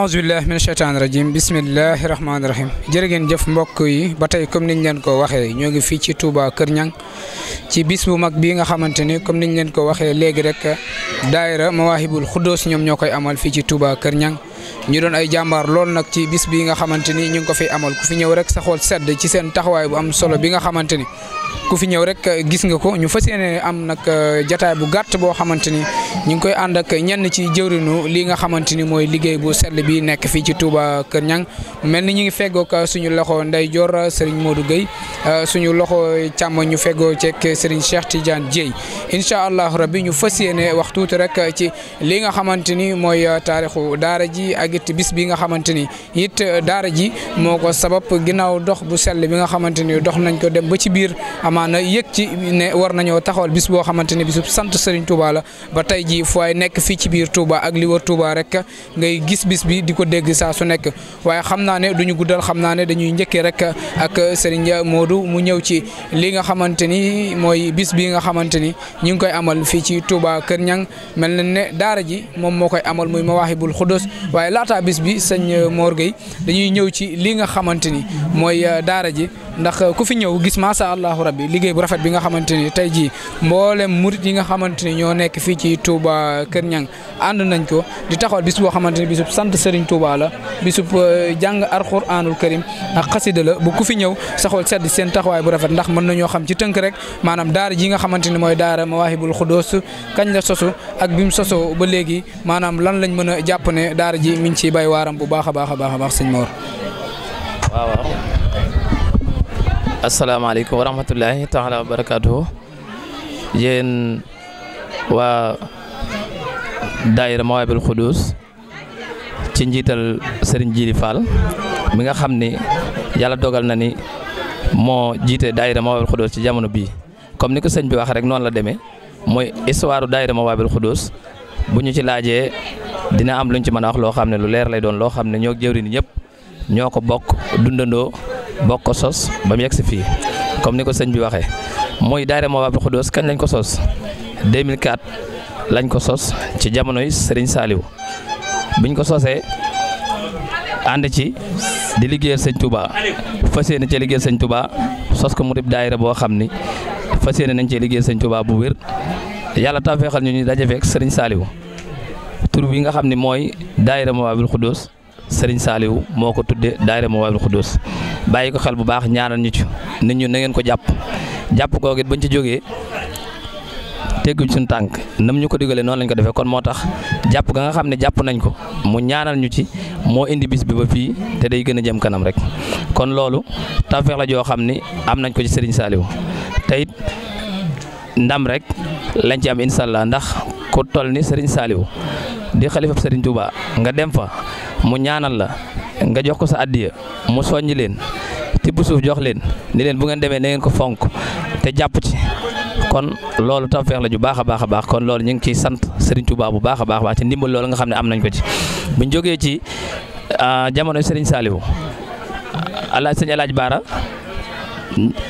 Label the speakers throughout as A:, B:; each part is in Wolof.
A: aousubillah min sheytaan rajim bisimillahi rahmaani rahim jërë ngeen jëf mbokk yi ba tey comme niñ leen ko waxee ñoo ngi fii ci Touba Kër Ñang ci bis bu mag bi nga xamante ni comme niñ leen ko waxee léegi rek daayira Mawahibul Xuddoos ñoom ñoo koy amal fii ci Touba Kër Ñang ñu doon ay jàmbaar lool nag ci bis bi nga xamante ni ñu ngi ko fi amal ku fi ñëw rek sa xool sedd ci seen taxawaay bu am solo bi nga xamante ni ku fi ñëw rek gis nga ko ñu fas yéene am nag euh, jataay bu gàtt boo xamante ni ñu ngi koy ànd ak ñenn ci jëwrinu lii nga xamante ni mooy liggéey bu sell bi nekk fii ci Touba Kër mel ni ñu ngi feggoog euh, suñu loxo ndeyjoor euh, Serigne Modou Gueye suñu loxo càmm ñu feggoo ceeg Serigne Cheikh Tidiane Dieye incha allah rabbi ñu fas yéene wax rek ci li nga xamante ni mooy taarixu daara ji ak it bis bi nga xamante ni it uh, daara ji moo ko sabab ginnaaw dox bu sell bi nga xamante ni dox nañ ko dem ba ci biir amaana yëg ci ne war nañoo taxawal bis boo xamante ni bisu sant Serigne Touba la ba tey ji foo waay nekk fii ci biir Touba ak li wër Touba rek ngay gis bis bi di ko dégg saa su nekk waaye xam naa ne duñu guddal xam naa ne dañuy njëkkee rek ak Serigne Modou mu ñëw ci li nga xamante ni mooy bis bi nga xamante ni ñu ngi koy amal fii ci Touba Kër Ñang mel na ne daara ji moom moo koy amal muy Mawahibul Khudus waaye laataa bis bi sëñ euh, Mor Gueye dañuy ñëw ci li nga xamante ni mooy euh, daara ji ndax ku fi ñëw gis macha allahu rabbi liggéey bu rafet bi nga xamante ni tey jii mboolem murit yi nga xamante ni ñoo nekk fii ci Touba Kër Ñang ànd nañ ko di taxawal bis boo xamante ni bisub sant Serigne Touba la bisub euh, jàng alxuraanul karim ak xasida la bu ku fi ñëw saxool sedd seen taxawaay bu rafet ndax mën na ñoo xam ci tënk rek maanaam daara ji nga xamante ni mooy daara Mawahibul Xudoos kañ la sosu ak bi mu sosoo ba léegi maanaam lan lañ mën a jàpp ne daara ji mi ngi ciy bay waaram bu baax a baax a baax baax sëñ Mor
B: asalaamaaleykum wa rahmatullahi taala wa barakaatuhu yéen waa daayira Mawaahiboul Khoudoss ci njiital sëriñ Djili Fall mi nga xam ni yàlla dogal na ni moo jiite daayira Mawaahiboul Khoudoss ci jamono bii comme ni ko sëñ bi wax rek noonu la demee mooy histoire daayira Mawaahiboul Khoudoss bu ñu ci laajee dina am luñ ci mën a wax loo xam ne lu leer lay doon loo xam ne ñoo jëwriñ ñépp ñoo ko bokk dundandoo bokk ko sos ba mu yegg si fii comme ni ko sëñ bi waxee mooy daayira Mawahibou Khoudoss kañ lañ ko sos 2004 lañ ko sos ci jamonoy sëriñ Saliou biñ ko sosee ànd ci di liggéeyal sëñ Touba fas yéene ci liggéeyal sëñ Touba sos ko mu rib boo xam ni fas nañ ci liggéeyal sëñ Touba bu wér yàlla tawfeexal ñu ñu daje fekk sëriñ Saliou tur bi nga xam ni mooy daayira Mawahibou Khoudoss sëriñ saaliw moo ko tuddee daayira Mawahibou Khoudoss bàyyi ko xel bu baax ñaanal ñu ci nit ñu na ko jàpp jàpp koo googu ba bañ ci jógee tegguñ suñu tànk nam ñu ko digalee noonu lañ ko defee kon moo tax jàpp ga nga xam ne jàpp nañ ko mu ñaanal ñu ci moo indi bis bi ba fii te day gën a jëm kanam rek kon loolu tawfeex la xam ni am nañ ko ci sëriñ Saliou te ndam rek lañ ci am incha ndax ku toll ni sëriñ Saliou di xalifab sëriñ Touba nga dem fa. mu ñaanal la nga jox ko sa addiya mu soññi leen tibb suuf jox leen ni leen bu ngeen demee na ko fonk te jàpp ci kon loolu tawfeex la ju baax a baax a baax kon loolu ñu ngi koy sant Serigne Touba bu baax a baax ci ndimbal loolu nga xam ne am nañ ko ci buñ jógee ci ah, jamono Serigne Saliou alaaj sëñ alaaj Baara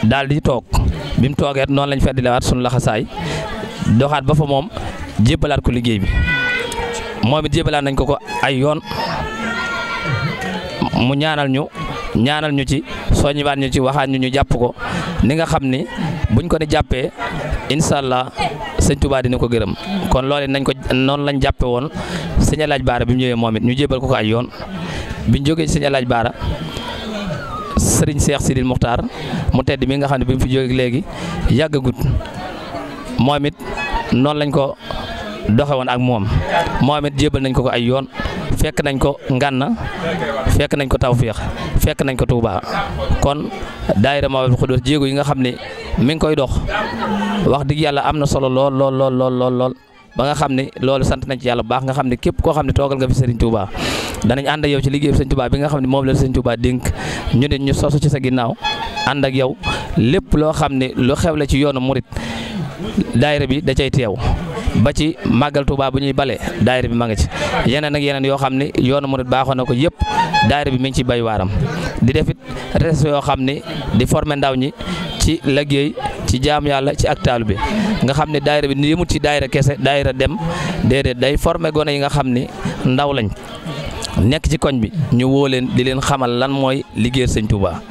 B: daal di toog bi mu toogee noonu lañ feddilewaat sunu laxasaay doxaat ba fa moom jébbalaat ko liggéey bi moom it jébbalaat nañ ko ko ay yoon mu ñaanal ñu ñaanal ñu ci soññiwaat ñu ci waxaat ñu ñu jàpp ko ni nga xam ni buñ ko ni jàppee incha allah sëñ Touba dina ko gërëm kon loole nañ ko noonu lañ jàppe woon sëñ Alaaj Baara bi ñëwee moom ñu jébal ko ko ay yoon biñ jógee ci sëñ Baara sëriñ Cheikh Sidil Muxtaar mu tedd mi nga xam ne bi mu fi jógee léegi yàggagut moom it noonu lañ ko doxe woon ak moom moom it nañ ko ko ay yoon fekk nañ ko ngan na fekk nañ ko Tawféex fekk nañ ko Touba kon daayira Mawahibou Khoudoss jéego yi nga xam ne mi ngi koy dox wax dëgg yàlla am na solo lool lool lool lool lool ba nga xam ne loolu sant nañ ci yàlla bu baax nga xam ne képp koo xam ne toogal nga fi Serigne Touba danañ ànd ak yow ci liggéeyu Serigne Touba bi nga xam ne moom la Serigne Touba dénk ñu ne ñu sosu ci sa ginnaaw ànd ak yow lépp loo xam ne lu xew la ci yoonu murit daayira bi da cay teew. ba ci màggal Touba bu ñuy bale daayira bi ma nga ci yeneen ak yeneen yoo xam ne yoonu murid baaxoon na ko yëpp daayira bi mi ngi ci bay waaram di defit res yoo xam ne di former ndaw ñi ci liggéey ci jaam yàlla ci ak taalu bi nga xam ne daayira bi ni yëmut ci daayira kese daayira dem déedéet day former gone yi nga xam ni ndaw lañ nekk ci koñ bi ñu woo leen di leen xamal lan mooy liggéey sëñ Touba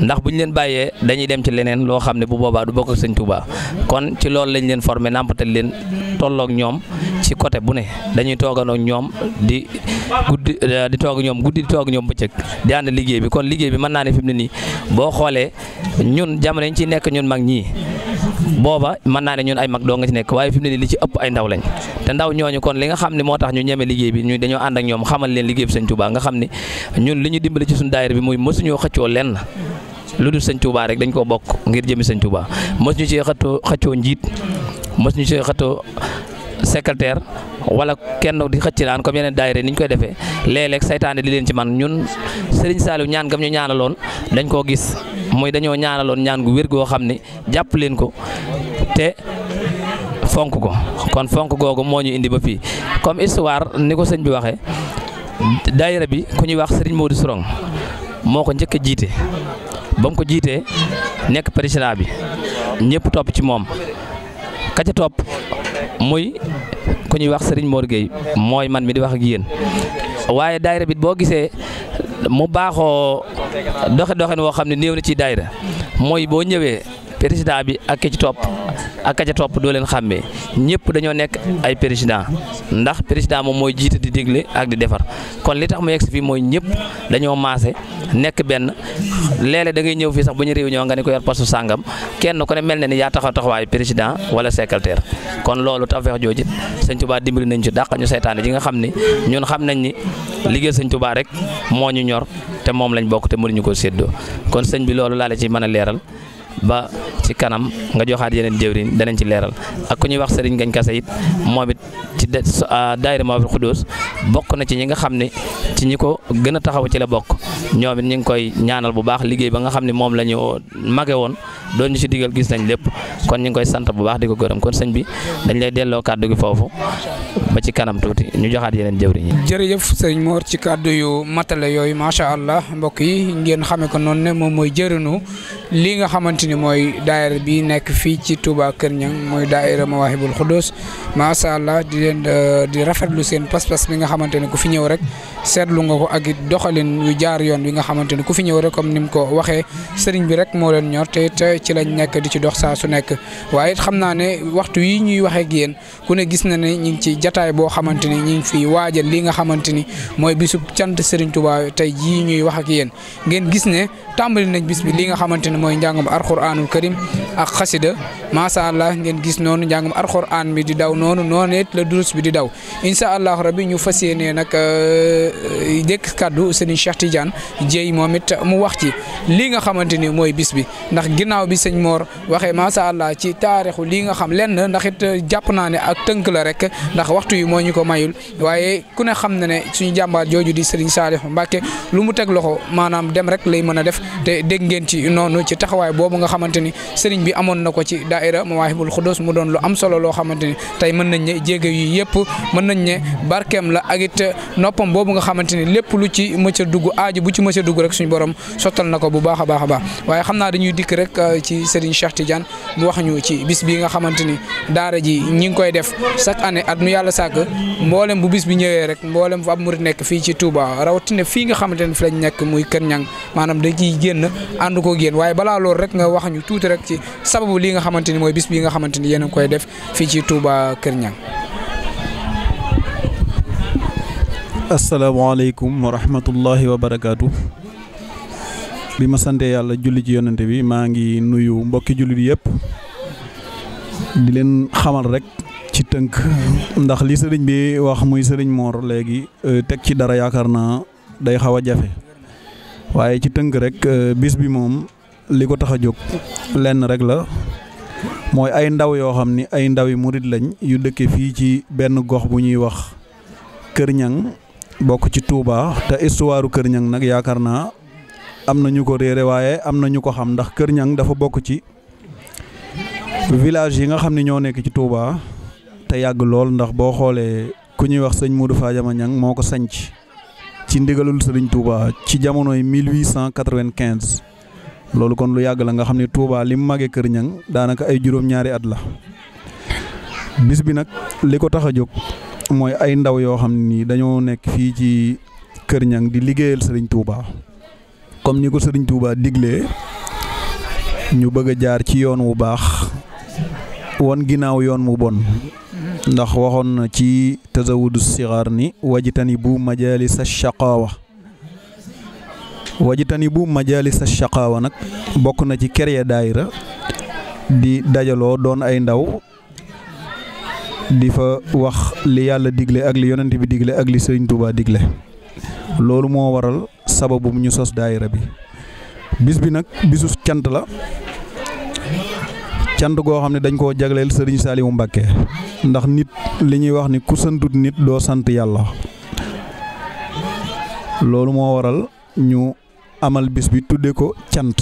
B: ndax bu ñu leen bàyyee dañuy dem ci leneen loo xam ne bu boobaa du bokk ak sëñ kon ci loolu lañ leen formé nàmpatal leen tolloog ñoom ci côté bu ne dañuy toogandoo ñoom di guddi di toog ñoom guddi di toog ñoom bëccëg di ànd liggéey bi kon liggéey bi mën naa ne fi mu ne nii boo xoolee ñun jamono yi ñu ciy nekk ñun mag ñi booba mën naa ne ñun ay mag doo nga ci nekk waaye fi ne nii li ci ëpp ay ndaw lañ te ndaw ñooñu kon li nga xam ne moo tax ñu ñeme liggéey bi ñu dañoo ànd ak ñoom xamal leen liggéey bi sëñ Touba nga xam ne ñun li ñu dimbali muy mësuñoo xëccoo lenn lu dul sëñ Touba rek dañ koo bokk ngir jëmi sëñ Touba mës ñu ci xëccoo xëccoo njiit mës ñu ci xëccoo secrétaire wala kenn di xëcc naan comme yeneen daayira ni ñu koy defee léeg-léeg saytaane di leen ci man ñun Serigne Saliou ñaan gam ñu ñaanaloon dañ koo mooy dañoo ñaanaloon ñaan gu wér goo xam ne jàpp leen ko te fonk ko kon fonk googu moo ñu indi ba fii comme histoire ni ko sëñ bi waxee daayira bi ku ñuy wax Serigne Modou Sorong moo ko njëkk jiite ba ko jiitee nekk président bi ñëpp topp ci moom ka ca topp muy ku ñuy wax Serigne Mor mooy man mi di wax ak yéen waaye daayira bi boo gisee mu baaxoo doxe doxin woo xam ne néew na ci daayira mooy boo ñëwee président bi ak ki ci topp ak ka ca topp doo leen xàmmee ñëpp dañoo nekk ay président ndax président moom mooy jiite di dégle ak di defar kon li tax mu yegg si fii mooy ñëpp dañoo maase nekk benn léeg-léeg da ngay ñëw fii sax bu ñu réunion nga ne ko yor poste sàngam kenn ku ne mel na ni yaa taxaw taxawaayu président wala secrétaire kon loolu tawfeex jooju sëñ Tuubaa dimbali nañ ci dàq ñu seytaane ji nga xam ne ñun xam nañ ni liggéey sëñ Tuubaa rek moo ñu ñor te moom lañ bokk te mënuñu ko séddoo kon sëñ bi loolu laa la ci mën a leeral ba ci kanam nga joxaat yeneen jëwriñ danañ ci leeral ak ku ñuy wax Serigne Ngagne Kassé it moom it ci ah, daayira Mawahibou Khoudoss bokk na ci ñi nga xam ne ci ñi ko gën a taxaw ci la bokk ñoom it ñu ngi koy ñaanal bu baax liggéey ba nga xam ne moom la ñu mage woon doon ñu si digal gis nañ lépp kon ñu ngi koy sant bu baax di ko gërëm kon sëñ bi dañ lay delloo kàddu gi foofu ba ci kanam tuuti ñu joxaat yeneen jëwriñ yi.
A: jërëjëf sëñ Mor ci kàddu yu matale yooyu macha allah mbokk yi ngeen xamee ko noonu ne moom mooy jëriñu lii nga xamante ni mooy daayira bi nekk fii ci Touba Kër Ñang mooy daayira Mawahibul Xudus macha allah di leen di rafetlu seen pas-pas bi nga xamante ne ku fi ñëw rek seetlu nga ko ak doxalin yu jaar yoon wi nga xamante ni ku fi ñëw rek comme ni mu ko waxee sëriñ bi rek moo leen ñor te it ci lañ nekk di ci dox saa su nekk waaye xam naa ne waxtu yi ñuy waxee ak ku ne gis na ne ñu ngi ci jataay boo xamante ni ñu ngi fi waajal li nga xamante ni mooy bisub cant sëriñ Tuubaa tey jii ñuy wax ak yéen ngeen gis ne tàmbali nañ bis bi li nga xamante ne mooy njàngum alxuraanul karim ak xasida macha allah ngeen gis noonu njàngum alxuraan bi di daw noonu noonu it la durus bi di daw incha allah rabbi ñu fas yéenee nag dëkk euh, kaddu sëriñ Cheikh Tidiane Dieye moom it mu wax ci lii nga xamante ni mooy bis bi ndax ginnaaw bi sëñ Mor waxee macha allah ci taarixu lii nga xam lenn ndax it jàpp naa ne ak tënk la rek ndax waxtu yi moo ñu ko mayul waaye ku ne xam ne ne suñu jàmbaar jooju di Serigne Saliou Mbacke lu mu teg loxo maanaam dem rek lay mën a def te dégg ngeen ci noonu ci taxawaay boobu nga xamante ni Serigne bi amoon na ko ci daaira Mawaahibul Xudoos mu doon lu am solo loo xamante ni tey mën nañ ne jéego yi yëpp mën nañ ne barkeem bu ci mësa dugg rek suñu borom sottal na ko bu baax a baax a baax waaye xam naa dañuy dikk rek euh, ci Serigne ti Tidiane mu wax ñu ci bis bi nga xamante ni daara ji ñi ngi koy def chaque année at nu yàlla sàkk mboolem bu bis bi ñëwee rek mboolem fu ab murit nekk fii ci Touba rawatina fii nga xamante ni fi lañ nekk muy Kër Ñang maanaam da ciy génn ànd ko génn waaye balaa loolu rek nga wax ñu tuuti rek ci sababu li nga xamante ni mooy bis bi nga xamante ni yéen a koy def fii ci Touba
C: Kër Ñang asalaamaaleykum wa rahmatullahi wa bi ma santee yàlla julli ci yonante bi maa ngi nuyu mbokki jullit yëpp di leen xamal rek ci tënk ndax li sëriñ bi wax muy sëriñ Mor léegi euh, teg ci dara yaakaar naa day xaw a jafe waaye ci tënk rek euh, bis bi moom li ko tax a jóg lenn rek la mooy ay ndaw yoo xam ni ay ndawi murit lañ yu dëkke fii ci benn gox bu ñuy wax Kër Ñang bokk ci Touba te histoire Kër Niang nag yaakaar naa am na ñu ko réere waaye am na ñu ko xam ndax Kër Niang dafa bokk ci village yi nga xam ne ñoo nekk ci Touba te yàgg lool ndax boo xoolee ku ñuy wax sëñ Modou Fadiama Niang moo ko sanc ci ndigalul sëriñ Touba ci jamonoy 1895 loolu kon lu yàgg la nga xam ne Touba li mu màggee Kër Niang daanaka ay juróom-ñaari at la bis bi nag li ko tax a jóg. mooy ay ndaw yoo xam ni dañoo nekk fii ci Kër Niang di liggéeyal Serigne Touba comme ni ko Serigne Touba digle ñu bëgg a jaar ci yoon wu baax won ginnaaw yoon mu bon ndax waxoon na ci tazawudu sigaar ni wajitani bu majalis shaqaawa wajitani bu majalis shaqaawa nag bokk na ci kere daayira di dajaloo doon ay ndaw di fa wax li yàlla digle ak li yonent bi digle ak li sëriñ Touba digle loolu moo waral sababu ñu sos daayira bi bis bi nag bisu cant la cant goo xam ne dañ koo jagleel sëriñ Saliou Mbacké ndax nit li ñuy wax ni ku santut nit doo sant yàlla loolu moo waral ñu amal bis bi tuddee ko cant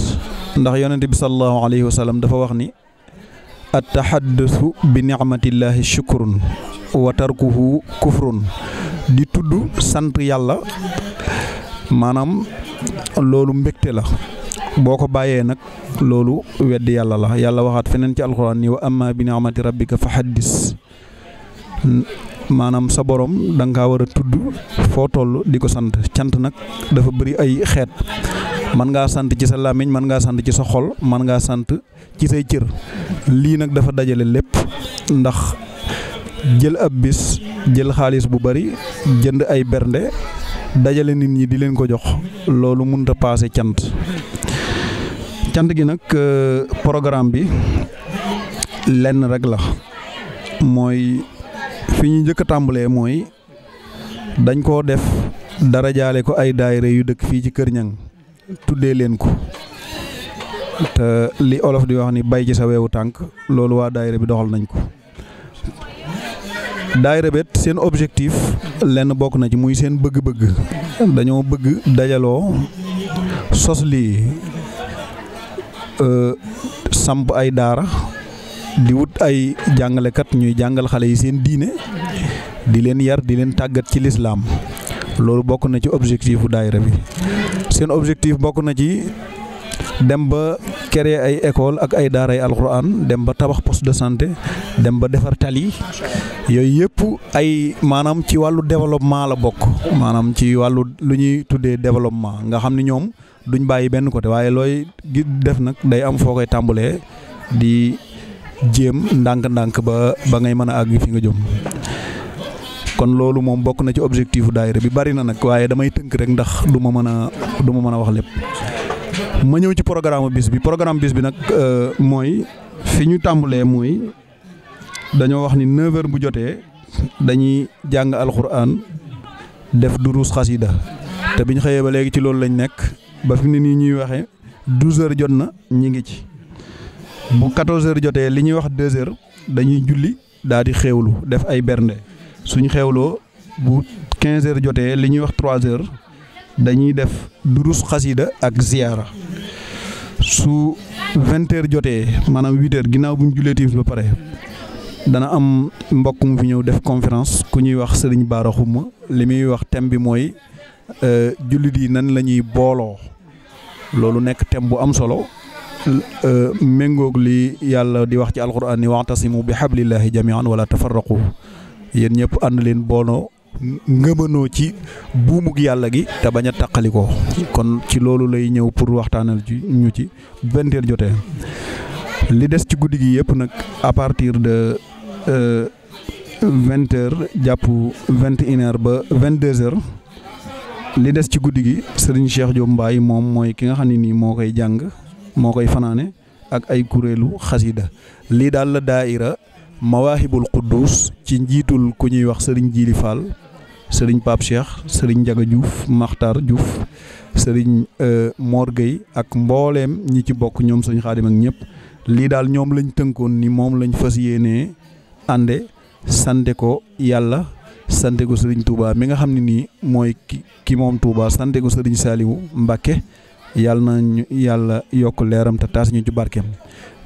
C: ndax yonent bi sallallahu alayhi wa sallam dafa wax ni attaxaddasu bi nicmatillahi shukrun wa tarkuhu kufrun di tudd sant yàlla maanaam loolu mbégte la boo ko bàyyee nag loolu weddi yàlla la yàlla waxaat feneen ci alxuraan ni wa amma bi ni'mati ko fa xaddis maanaam sa borom danga nga war a tudd foo toll di ko sant cant nag dafa bari ay xeet man ngaa sant ci sa làmmiñ man ngaa sant ci sa xol man ngaa sant ci say cër lii nag dafa dajale lépp ndax jël ab bis jël xaalis bu bari jënd ay bernde dajale nit ñi di leen ko jox loolu mënut a paase cant cant gi nag euh, programme bi lenn rek la mooy fi ñu njëkk a tàmbalee mooy dañ koo def dara jaale ko ay daayira yu dëkk fii ci Kër Ñang tuddee leen ko te li olof di wax ni bay ci sa weewu tànk loolu waa daayira bi doxal nañ ko daayira bet seen objectif lenn bokk na ci muy seen bëgg-bëgg dañoo bëgg dajaloo sos lii euh, samp ay daara di wut ay jàngalekat ñuy jàngal xale yi seen diine di leen yar di leen tàggat ci lislaam loolu bokk na ci objectif bu daayira bi seen objectif bokk na ci dem ba créer ay école ak ay daaray alxuraan dem ba tabax poste de santé dem ba defar tali yooyu yëpp ay maanaam ci wàllu développement la bokk maanaam ci wàllu lu ñuy tuddee développement nga xam ni ñoom duñ bàyyi benn côté waaye looy gi def nag day am foo koy tàmbalee di jéem ndànk-ndànk ba ba ngay mën a àgg fi nga jëm. kon loolu moom bokk na ci objectif daayira bi bari na nag waaye damay tënk rek ndax du ma mën a du ma mën a wax lépp ma ñëw ci programme bis bi programme bis bi nag euh, mooy fi ñu tàmbalee mooy dañoo wax ni 9 bu jotee dañuy jàng alxuraan def duruus xasida te bi ñu xëyee ba léegi ci loolu lañ nekk ba fi mu ne nii ñuy waxee 12 heures jot na ñi ngi ci bu 14 jotee li ñuy wax 2 heures dañuy julli daal di xéewlu def ay bernde. suñ xewloo bu quinze heures jotee li ñuy wax trois heures dañuy def durus xasida ak ziyaara su 20 heures jotee maanaam 8 ginnaaw bu ñu jullee timis ba pare dana am mbokk mu fi ñëw def conférence ku ñuy wax sëriñ Baara Xuma li muy wax thème bi mooy euh, jullit yi nan la ñuy booloo loolu nekk thème bu am solo euh, mengook li yàlla di wax ci alquran ni wa'tasimu bi hablillahi jami'an walla tafarraqu yéen ñëpp ànd leen booloo ngëmanoo ci buumug yàlla gi te bañ a tàqalikoo kon ci loolu lay ñëw pour waxtaanal ci ñu ci vingt heures jotee li des ci guddi gi yëpp nag à partir de euh, vingt heures jàpp vingt et une ba vingt deux heures li des ci guddi gi Serigne Cheikh Diop Mbaye moom mooy ki nga xam ne nii moo koy jàng moo koy fanaane ak ay kuréelu xasida lii daal la daaira mawaahibul quddus ci njiitul ku ñuy wax sëriñ Jili Fall sëriñ Pape Cheikh sëriñ Njaga Diouf Makhtar Diouf sëriñ euh, Mor ak mbooleem ñi ci bokk ñoom sëñ Xaadim ak ñëpp lii daal ñoom lañ tënkoon ni moom lañu fas yéenee ànde sante ko yàlla sante ko sëriñ Touba mi nga xam ne nii mooy ki moom Touba sante ko sëriñ Saliou Mbacké yàlla nañu yàlla yokk leeram te taas ñu ci barkeem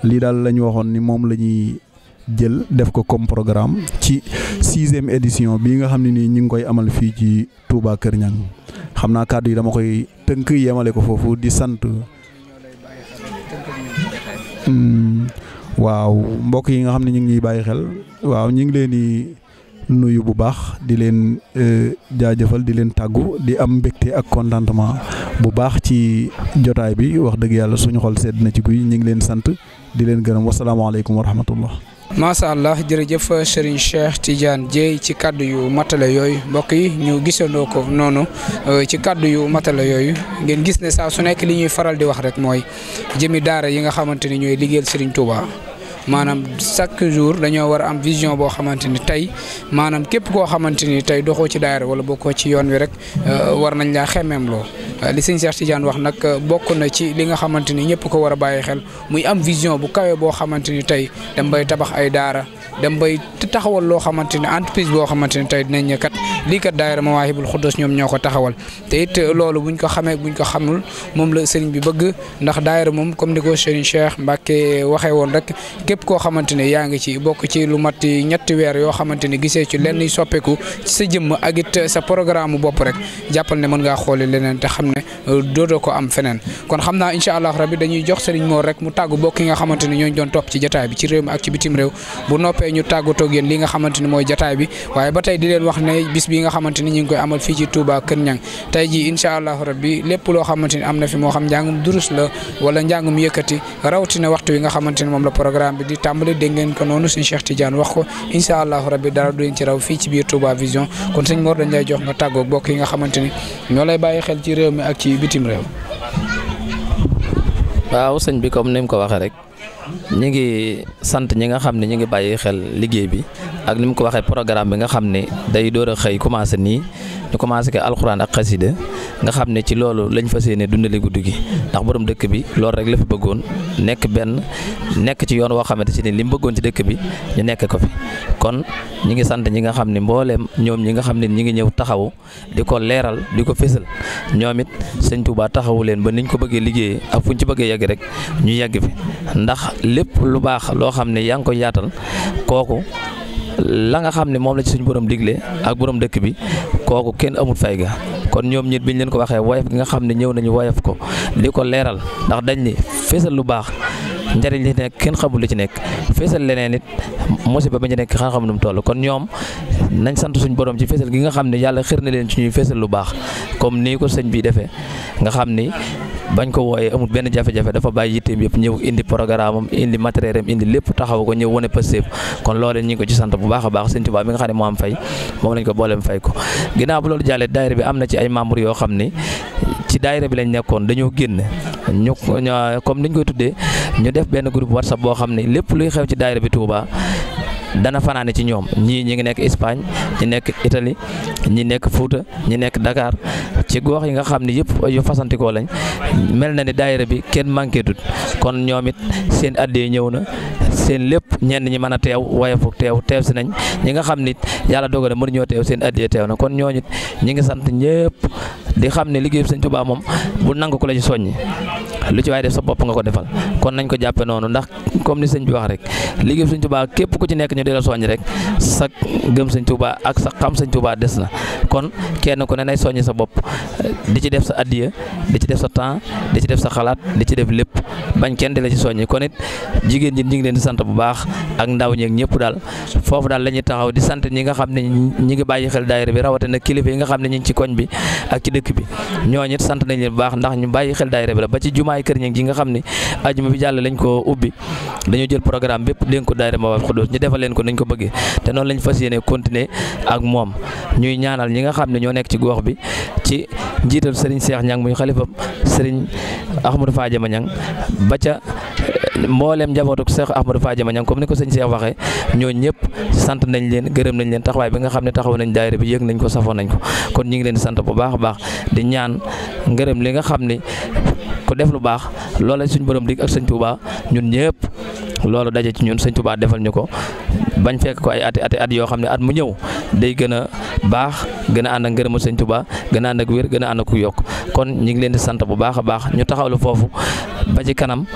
C: lii daal lañ waxoon ni moom lañuy jël def ko comme programme ci sixième édition bii nga xam ne nii ñu ngi koy amal fii ci Touba Kër Ñang xam naa kàddu yi dama koy tënk yemale ko foofu di sant. Hmm, waaw mbokk yi nga xam ne ñu ngi ñuy bàyyi xel waaw ñu ngi leen di nuyu bu baax di leen euh, jaajëfal di leen tàggu di am mbégte ak contentement bu baax ci jotaay bi wax dëgg yàlla suñu xol sedd na ci guy ñu ngi leen sant di leen gërëm wasalaamaaleykum wa rahmatullah
A: macha allah jërëjëf Serigne Cheikh Tidiane Dieye ci kàddu yu matale yooyu mbokk yi ñu gisandoo ko noonu euh, ci kaddu yu matale yooyu ngeen gis ne saa su nekk li ñuy faral di wax rek mooy jëmi daara yi nga xamante ni ñooy liggéeyal Serigne Touba. maanaam chaque jour dañoo war a am vision boo xamante ni tey maanaam képp koo xamante ni tey doxoo ci daayira wala bokkoo ci yoon wi rek euh, war nañ laa xemmeem loo euh, li sëñ Cheikh Tidiane wax nag euh, bokk na ci li nga xamante ni ñëpp ko war a bàyyi xel muy am vision bu kawe boo xamante ni tey dem bay tabax ay daara dem bay taxawal loo xamante ne entreprise boo xamante ne tey dinañ ne kat lii kat daayira Mawaahibul Xuddus ñoom ñoo ko taxawal te it loolu buñ ko xamee buñ ko xamul moom la sëriñ bi bëgg ndax daayira moom comme ni ko sëriñ Cheikh Mbacke waxee woon rek képp koo xamante ne yaa ngi ci bokk ci lu mat ñetti weer yoo xamante ne gisee ci lenn soppeeku ci sa jëmm ak it sa programme bopp rek jàppal ne mën ngaa xoole leneen te xam ne doodoo ko am feneen kon xam naa incha allah rabi dañuy jox Serigne Mor rek mu tàggu bokk nga xamante mooy jataay bi waaye ba tey di ni ñu ngi koy amal fii ci Touba lépp loo xamante ni am na fi moo xam njàngum durus la wala njàngum yëkkati rawatina waxtu yi nga xamante ni moom la programme bi di tàmbali dégg ngeen ko noonu suñu Cheikh Tidiane wax ko incha allah rabi dara du leen biir Touba Vision kon Serigne Mor dañ jox nga tàggoog bokk yi nga xamante ni ñoo lay bàyyi xel ci réew mi ak ci ci bitim réew.
B: waaw sëñ bi comme ni mu ko waxee rek ñu ngi sant ñi nga xam ne ñu ngi bàyyi xel liggéey bi ak ni mu ko waxee programme bi nga xam ne day door a xëy commencé nii ñu commencé ko alxuraan ak xasida nga xam ne ci loolu lañ fas yéene dundale guddi gi ndax borom dëkk bi loolu rek la fi bëggoon nekk benn nekk ci yoon woo xamante si ne li mu bëggoon ci dëkk bi ñu nekk ko fi kon ñi ngi sant ñi nga xam ne mbooleem ñoom ñi nga xam ne ñi ngi ñëw taxawu di ko leeral di ko fësal ñoom it sëñ Tuubaa taxawu leen ba niñ ko bëggee liggéeyee ak ci bëggee yegg rek ñu yegg fi lépp lu baax loo xam ne yaa ngi koy yaatal kooku la nga xam ne moom la ci suñu borom digle ak borom dëkk bi kooku kenn amut fay ga kon ñoom ñit biñ leen ko waxee woyof gi nga xam ne ñëw nañu woyof ko di ko leeral ndax dañ ni feesal lu baax njëriñ li ci nekk kenn xamul li ci nekk feesal leneen it musiba bi ci nekk xam xam nu mu toll kon ñoom nañ sant suñu borom ci feesal gi nga xam ne yàlla xër na leen ci ñuy feesal lu baax comme nii ko sëñ bi defee nga xam ni bañ ko wooyee amul benn jafe-jafe dafa bàyyi yitteem yëpp ñëw indi programme indi matériel indi lépp taxaw ko ñëw wane Pastef kon loolee ñu ngi ko ci sant bu baax a baax sëñ Tuubaa mi nga xam ne moo am fay moom lañ ko booleem fay ko ginnaaw bu loolu jàllee daayira bi am na ci ay membres yoo xam ni ci daayira bi lañ nekkoon dañoo génn ñu comme niñ koy tuddee ñu def benn groupe WhatsApp boo xam ne lépp luy xew ci daayira bi Touba dana fanaane ci ñoom ñii ñi ngi nekk Espagne ñi nekk Italie ñi nekk Fouta ñi nekk Dakar ci gox yi nga xam ne yëpp yu fasantikoo lañ mel na ni daayira bi kenn manqué kon ñoom it seen addee ñëw na seen lépp ñenn ñi mën a teew woyofu teew teew si nañ ñi nga xam ni yàlla dogal mënu ñoo teew seen addee teew na kon ñooñu ñi ngi sant ñëpp di xam ne liggéey bi Sëñ Tuubaa moom bu nangu ko la ci soññi lu ci waaye def sa bopp nga ko defal kon nañ ko jàppe noonu ndax comme ni sëñ bi wax rek liggéey sëñ Tuubaa képp ku ci nekk ñu di la soññ rek sa gëm sëñ Tuubaa ak sa xam sëñ Tuubaa des na kon kenn ku ne nay sa bopp di ci def sa addiya di ci def sa temps di ci def sa xalaat di ci def lépp bañ kenn di la ci soññi kon it jigéen ñi ñu ngi leen di sant bu baax ak ndaw ñeeg ñëpp daal foofu daal la taxaw di sant ñi nga xam ne ñi ngi bàyyi xel daayira bi rawatina kilifa yi nga xam ne ñu ngi ci koñ bi ak ci dëkk bi ñooñu it sant nañ leen bu baax ndax ñu bàyyi xel daayira bi la ba ci jumaay kër ñeeg ji nga xam ne ajuma bi jàll lañ ko ubbi dañoo jël programme bépp dénk ko daayira Mbawoul Khoudoss defal leen ko nañ ko bëggee te noonu lañ fas yéene continuer ak moom ñuy ñaanal ñi nga xam ne ñoo nekk ci gox bi ci njiital Serigne Cheikh Niang muy xalifam Serigne Ahmadou Fadiama Niang ba ca eh, mboolem njabootu Cheikh Ahmadou Fadiama Niang comme ni ko sëñ Cheikh waxee ñoo ñëpp sant nañ leen gërëm nañ leen taxawaay bi nga xam ne taxaw nañ daayira bi yëg nañ ko safoon nañ kon ñu ngi leen di bu baax baax di ñaan ngërëm li nga xam ne ku def lu baax loola suñ borom dig ak sëñ Touba ñun ñëpp loolu daje ci ñun sëñ Touba defal ñu ko bañ fekk ko ay ati ati at yoo xam ne at mu ñëw day gën a baax gën a ànd ak ngërëmu sëñ Touba gën a ànd ak wér gën a ànd ku yokk kon ñu ngi leen sant bu baax a baax ñu taxaw la foofu ba ci kanam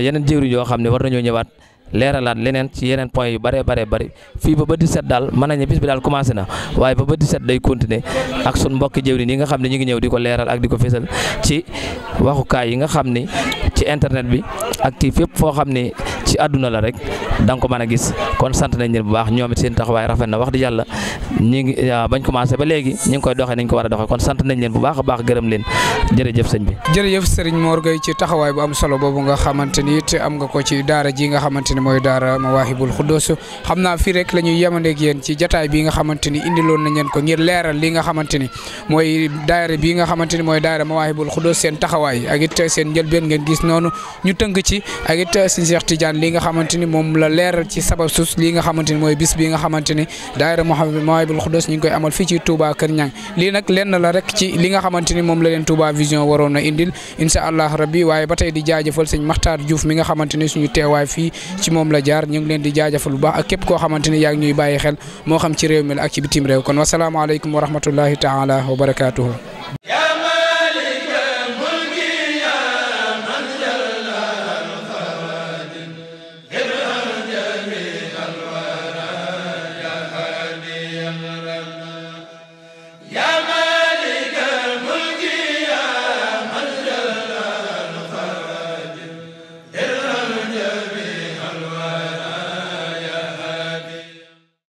B: yeneen jëwriñ yoo xam ne war nañoo ñëwaat leeralaat leneen ci yeneen point yu bare bare bari fii ba ba set daal mën nañu bis bi daal commencé na waaye ba ba 17 day continuer ak sun mbokki jëwriñ yi nga xam ne ñu ngi ñëw di ko leeral ak di ko fésal ci waxukaay yi nga xam ni ci internet bi ak ci fépp foo xam ne ci àdduna la rek da nga ko mën a gis kon sant nañ leen bu baax ñoom seen taxawaay rafet na wax di euh, bañ commencé ba léegi ñi ngi koy doxee nañ ko war a doxee kon sant nañ leen bu baax a baax gërëm leen jërëjëf sëñ bi
A: jërëjëf sëriñ Mor Gueye ci taxawaay bu am solo boobu nga xamante ni am nga ko ci daara ji nga xamante mooy daara la ñuy yemandeeg yéen ci jataay bi nga xamante ni indiloon nañ leen ko ngir leeral li nga xamante ni mooy daara bi nga xamante ni seen taxawaay ak it seen njëlbeen ngeen gis noonu ñu tënk ci ak it sëñ Cheikh li nga xamante leeral ci sabab sus lii nga xamante ni mooy bis bi nga xamante ni daayira Mawahibou Khoudoss ñu ngi koy amal fii ci Touba Kër lii nag lenn la rek ci li nga xamante ni moom la leen Touba Vision waroon na indil incha allah rabbi waaye ba tey di jaajëfal sëñ Makhtar Diouf mi nga xamante ni suñu teewaay fii ci moom la jaar ñu ngi leen di jaajëfal bu baax ak képp koo xamante ni yaa ngi ñuy bàyyi xel moo xam ci réew mi la ak ci bitim réew kon wasalaamaaleykum wa rahmatullahi taala wa barakaatuhu